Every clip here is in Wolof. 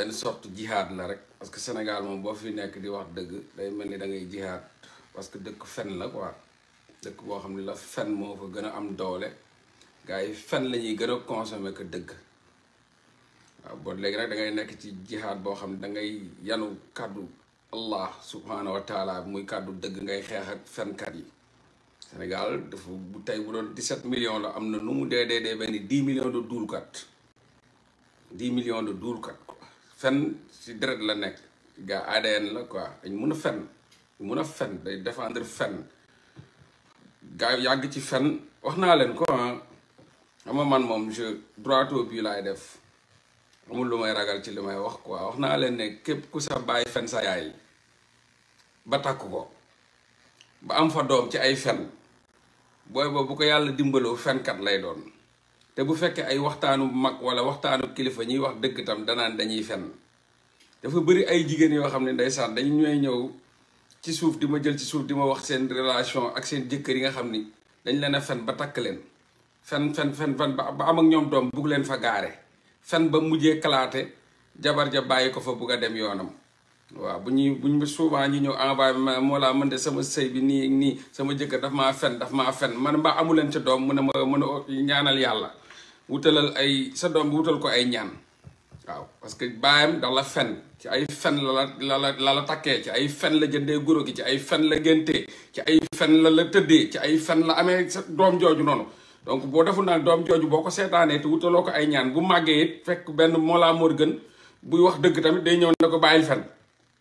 benn sorte jihaad la rek parce que Sénégal moom boo fi nekk di wax dëgg day mel ni dangay ngay jihaad parce que dëkk fen la quoi dëkk boo xam ne la fen moo fa gën a am doole gars yi fen la ñuy gën a consommer que dëgg waaw boo léegi rek da ngay nekk ci jihaad boo xam ne da ngay yanu kàddu allah subhanahu wa taala muy kàddu dëgg ngay xeex ak fenkat yi Sénégal dafa bu tey bu doon 17 million la am na nu mu dee dee dee benn 10 millions de duulkat 10 million de duulkat fen ci deret la nek ga ADN la quoi dañ mëna a fen mëna a fen day défendre fen ga yàgg ci fen waxna naa leen ko ah. ama man mom je droit au but lay def amul lu may ragal ci limay wax quoi waxna leen ne képp ku sa bàyyi fen sa yaay ba takk ko ba am fa doom ci ay fen boy bo bu ko yàlla dimbaloo kat lay doon te bu fekkee ay waxtaanu mag wala waxtaanu kilifa ñi wax dëgg tam danaan dañuy fenn dafa bëri ay jigéen yo xam ne ndeysaan ñoy ñew ci suuf dima jël ci suuf dima wax seen relation ak seen jëkkeer yi nga xamni dañ leena fenn ba tak leen fenn fenn fenn fenn ba am ak ñom doom bu leen fa gaare fenn ba mujjé jabar ja bayiko fa bu ga dem yoonam waaw bu ñuy bu ñu souvent ñu ñew envoyé ma moo laa mën de sama sey bi ni ni sama jëkkër daf ma fenn daf ma fenn man ba amu leen doom mu ne ñaanal yalla wutalal ay sa doom bi wutal ko ay ñaan waaw parce que baayam ndax la fen ci ay fen la la la la la takkee ci ay fen la jëndee goro gi ci ay fen la géntee ci ay fen la la tëddee ci ay fen la amee sa doom jooju noonu donc boo deful naa doom jooju boo ko seetaanee te wutaloo ko ay ñaan bu màggee it fekk benn Mollah Morgun buy wax dëgg tamit day ñëw na ko bàyyil fen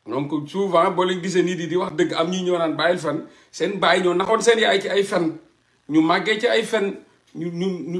donc souvent boo leen gisee nit yi di wax dëgg am ñu ñëw naan bàyyil fen seen bàyyi ñoo naxoon seen yaay ci ay fen ñu màggee ci ay fen ñu ñu ñu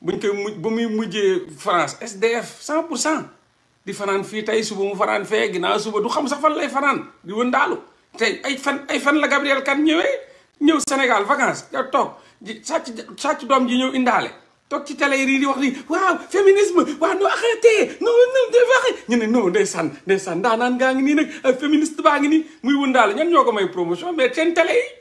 buñ koy mujj ba muy mujjee France SDF 100 pour cent di fanaan fii tey suba mu fanaan fee ginnaaw suba du xam sax fan lay fanaan di daalu tey ay fan ay fan la Gabriel Kane ñëwee ñëw Sénégal vacances da toog ji sàcc sàcc doom ji ñëw indaale toog ci télé yi di wax ni waaw féminisme waaw no arrêté non non de waxe ñu ne non ndeysaan ndeysaan ndaanaan gaa ngi nii nag féministe baa ngi nii muy wëndaale ñan ñoo ko may promotion mais seen télé yi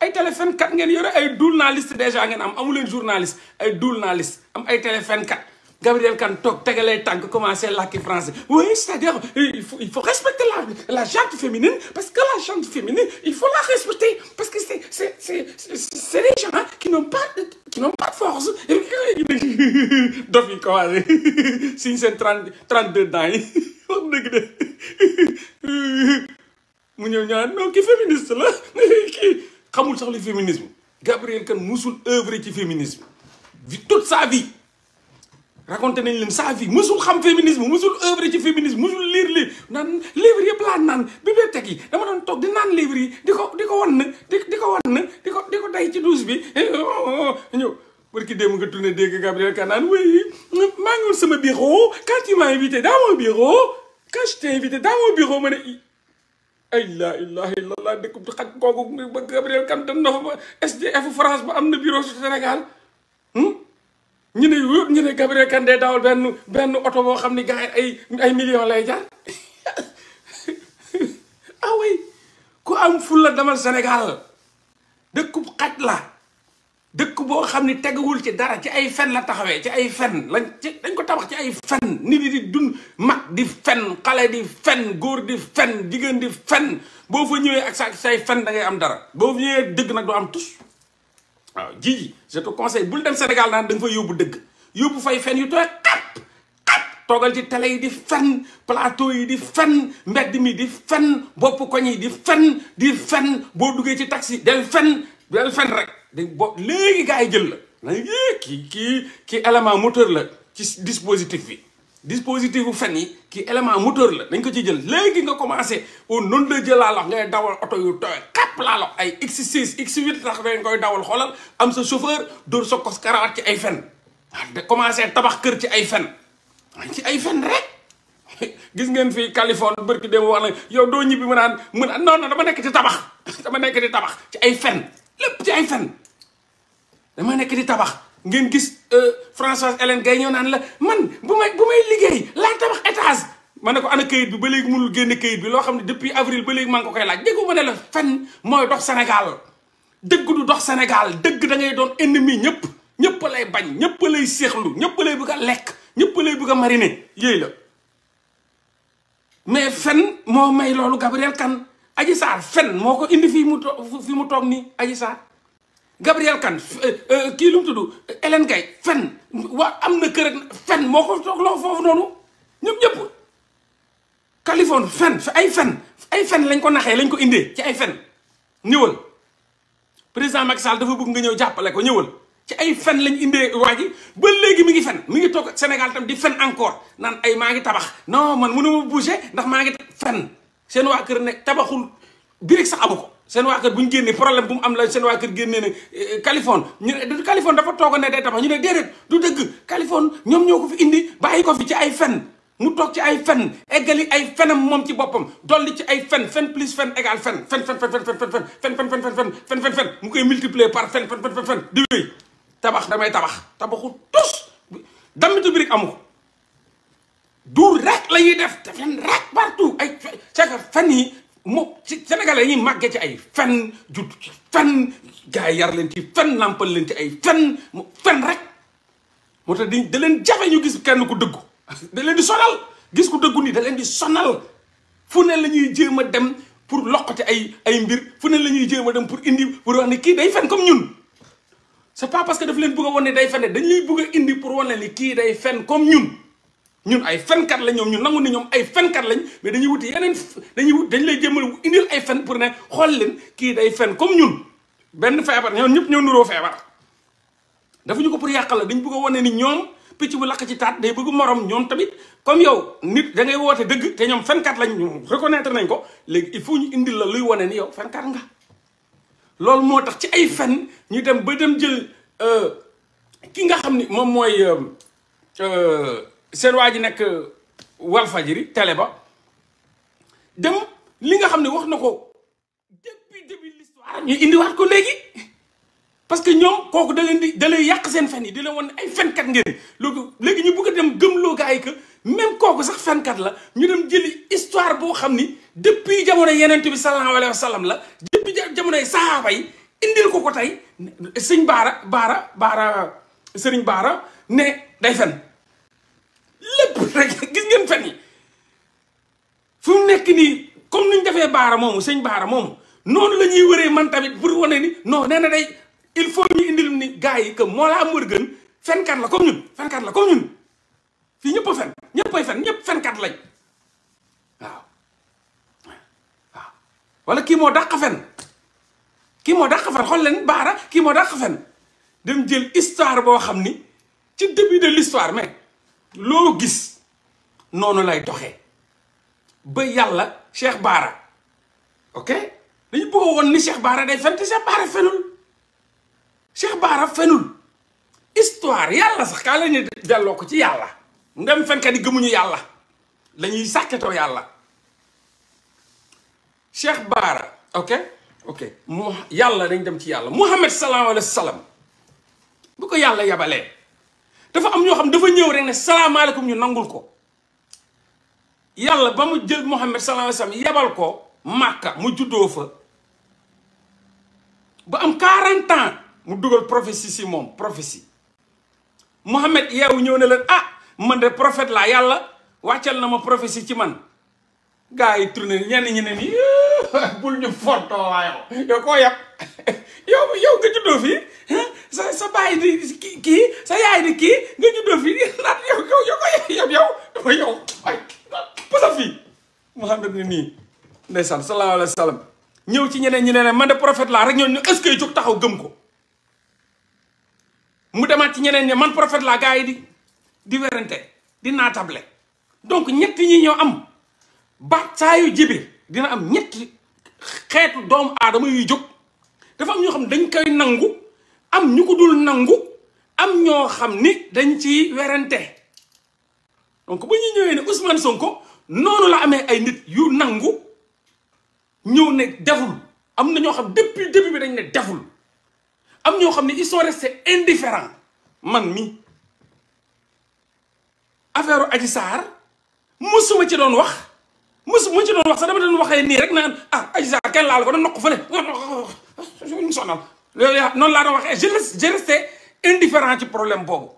ay téléphone 4, ngeen yore ay journaliste déjà ngeen am pas journaliste ay journaliste am ay téléphone kat Gabriel Kane toog tegalee commencer commencé làkki français oui c'est-à-dire il faut respecter la la féminine parce que la jante féminine il faut la respecter parce que c'est c'est c'est c'est des gens qui n'ont pas qui n'ont pas de force dof yi commencé suñ seen il trente deux ans yi ñaan non féministe la qui xamul sax le féminisme Gabriel Kane musul œuvrer ci féminisme toute sa vie racontez nañ sa vie musul xam féminisme musul œuvrer ci féminisme musul lire livre bibliothèque dama livre ci bi eh, oh, oh, oh. barki nga quand tu m'as invité dans mon bureau quand je t'ai invité dans mon bureau ay laa ilaha illallah dëkkub xaj kooku ba Gabriel Kane dem na fa ba SDF France ba am na bureau su Sénégal hmm? ñu ne ñu ne Gabriel Kane day dawal benn benn oto boo xam ni gars ay ay million lay jaar ah oui ku am ful la Sénégal dëkkub xaj la dëkk bo xamni ni ci dara ci ay fenn la taxawé ci ay fenn lañ ci dañ ko tabax ci ay fenn nit di dund mag di fenn xalé di fenn goor di fenn digeen di fenn bo fa ñëwé ak sa say fenn da ngay am dara boo ñëwé dëgg nak do am tus waaw jii je te conseille bul dem Sénégal naan da fa yobbu dëgg yobbu fay fenn yu toy xap kap togal ci télé yi di fenn plateau yi di fenn mbedd mi di fenn bop koñ yi di fenn di fenn bo duggé ci taxi del fenn del fenn rek dañ bo léegi gars yi jël la nag eh, kii kii kii élément moteur la ci dispositif bi dispositif bu fen yi kii élément moteur la dañ ko ci jël léegi nga commencé au non de jël laa lox ngay dawal oto yu tooy xapp laa lox ay x6 x8 sax dañ koy dawal xoolal am sa chauffeur dóor sa kos karawaat ci ay fen ah, da commencé tabax kër ci ay fen ah, ci ay fen rek gis ngeen fii Californie bërki dem wax na yow doo ñibbi mu naan mu naan non dama nekk ci tabax dama nekk ci tabax ci ay fen lepp ci ay fan dama nek di tabax ngeen gis eh, Françoise Hélène gay ñëw naan la man bu may bu may liggéey la tabax étage ma ko ana kayit bi ba légui mënul génné kayit bi lo xamni depuis avril ba légui mang ko koy laaj déggu mané la fan moy dox Sénégal deug du dox Sénégal deug da ngay doon ennemi ñepp ñepp lay bañ ñepp lay seexlu ñepp lay bëgg lek ñepp lay bëgg a mariner yéey la mais fen mo may lolu Gabriel kan aji Sarr fen moo ko indi fii mu toog fii mu toog nii aji Sarr Gabriel kan euh, euh, kii lu mu tudd Hélène Gaye fen waa am na kër ak fen moo ko toog loo foofu noonu ñëpp ñëpp Californie fen ay fen ay fen lañ ko naxee lañ ko indee ci ay fen ñëwal président Macky Sall dafa bëgg nga ñëw jàppale ko ñëwal ci ay fen lañ indee waa ji ba léegi mu ngi fen mi ngi toog Sénégal tam di fen encore naan ay maa ngi tabax non man mënuma bouger ndax maa ngi fen seen waa kër nekk tabaxul birig sax amu ko seen waa kër bu ñu génnee problème bu mu am la seen waa kër génnee ne Californie ñu ne Californie dafa toog ne day tabax ñu ne déedéet du dëgg Californie ñoom ñoo ko fi indi bàyyi ko fi ci ay fen mu toog ci ay fen eggali ay fenam moom ci boppam dolli ci ay fen fen plus fen égal fen fen fen fen fen fen fen fen fen fen fen fen fen fen mu koy tabax damay tabax tabaxu tus dammitu birig amu ko duur rek la ñuy def te fen rek partout ay c'est que fen yi mo Sénégalais yi màggee ci ay fen judd ci fen gars yar leen ci fen nàmpal leen ci ay fen fen rek moo tax da leen jafe ñu gis kenn ku dëggu da leen di sonal gis ku dëggu nii da leen di sonal fu ne la ñuy jéem a dem pour loqati ay ay mbir fu ne la ñuy jéem a dem pour indi pour wax ne kii day fen comme ñun c'est pas parce que daf leen bëgg a wane day fen dañ lay bëgg a indi pour wane ne kii day fen comme ñun ñun ay fenkat lañ ñoom ñun nangu ni ñoom ay fenkat lañ mais dañuy wuti yeneen dañuy wut dañ lay jëmmal indil ay fen pour ne xool leen kii day fen comme ñun benn feebar ñoom ñëpp ñoo nuroo feebar dafa ñu ko pour yàqal la dañ bëgg a wane ni ñoom picc bu lakk ci taat day bëgg morom ñoom tamit comme yow nit da ngay woote dëgg te ñoom fenkat lañ ñu reconnaître nañ ko léegi il faut ñu indil la luy wane ni yow fenkat nga loolu moo tax ci ay fen ñu dem ba dem jël euh, ki nga xam ni moom mooy euh, euh, seen waa ji nekk Walfadjri télé ba dem li nga xam ne wax na ko depuis début l'histoire ñu indiwaat ko léegi parce que ñoom kooku da leen di yàq seen fen yi di leen wan ay fenkat ngeen loolu léegi ñu bëgg a dem gëmloo gars yi que même kooku sax fenkat la ñu dem jëli histoire boo xam ni depuis jamono yeneen bi sallallahu alayhi wa sallam la depuis jamonoy sahaaba yi indil ko ko tey sëñ Baara Baara Baara sëriñ Baara ne day fen lépp rek gis ngeen fen yi fu nekk nii comme ni ñu defee baara moomu sëñ baara moomu noonu la ñuy wëree man tamit pour wane ni noo nee na day il faut indi indil ni gars yi que Mollah Morgun fenkat la comme ñun fenkat la comme ñun fii ñëpp a fen ñëpp ñëpp fenkat lañ waaw kii moo dàq fen kii moo dàq fen xool leen baara kii moo dàq fen dem jël histoire boo xam ni ci début de l'histoire mais loo gis noonu lay doxee ba yàlla Cheikh Baara ok dañu bëgg woon ni Cheikh Baara day fen te Cheikh Baara fenul Cheikh Baara fenul histoire yàlla sax kaa la ñuy delloo ko ci yàlla ndem fenkat gëmuñu yàlla lañuy sàkketoo yàlla Cheikh Baara ok ok mu yàlla dañ dem ci yàlla Muhammad sallallahu alayhi wa bu ko yàlla yabalee dafa am ñoo xam dafa ñëw rek ne salaamaaleykum ñu nangul ko yàlla ba mu jël Muhammad sallallahu alayhi wasallam yebal ko Màkka mu juddoo fa ba am 40 ans mu dugal prophétie si moom prophétie Muhammad yeewu ñëw ne leen ah man de prophète laa yàlla wàccal na ma prophétie ci man gars yi tourné ñenn ñi ne nii bul ñu fortoo waaye yow koo yab yow yow nga juddoo fii sa sa baay di kii sa yaay di kii nga juddoo fii naan yow yow yow yow yow dama yow ay posa fii Mouhamed ni nii ndeysaan sallallahu alayhi wa sallam ñëw ci ñeneen ñi ne man de prophète laa rek ñoo est ce que jóg taxaw gëm ko mu demaat ci ñeneen ñi man prophète laa gaa yi di di werante di naatable donc ñett ñi ñoo am baat saa yu jibee dina am ñetti xeetu doomu aadama yuy jóg dafa am ñoo xam ne dañ koy nangu am ñu ko dul nangu am ñoo xam ni dañ ci werante donc ba ñu ñëwee ne Ousmane Sonko noonu la amee ay nit yu nangu ñëw ne deful am na ñoo xam depuis début bi dañ ne deful am ñoo xam ne ils sont restés man mi affaire Adji Sarr mosuma ci doon wax mosu mu ci doon wax sax dama doon waxee nii rek naan ah Adji Sarr laal ko da nokk fële sonal le a noonu laa doon waxee je restais indifférent ci problème boobu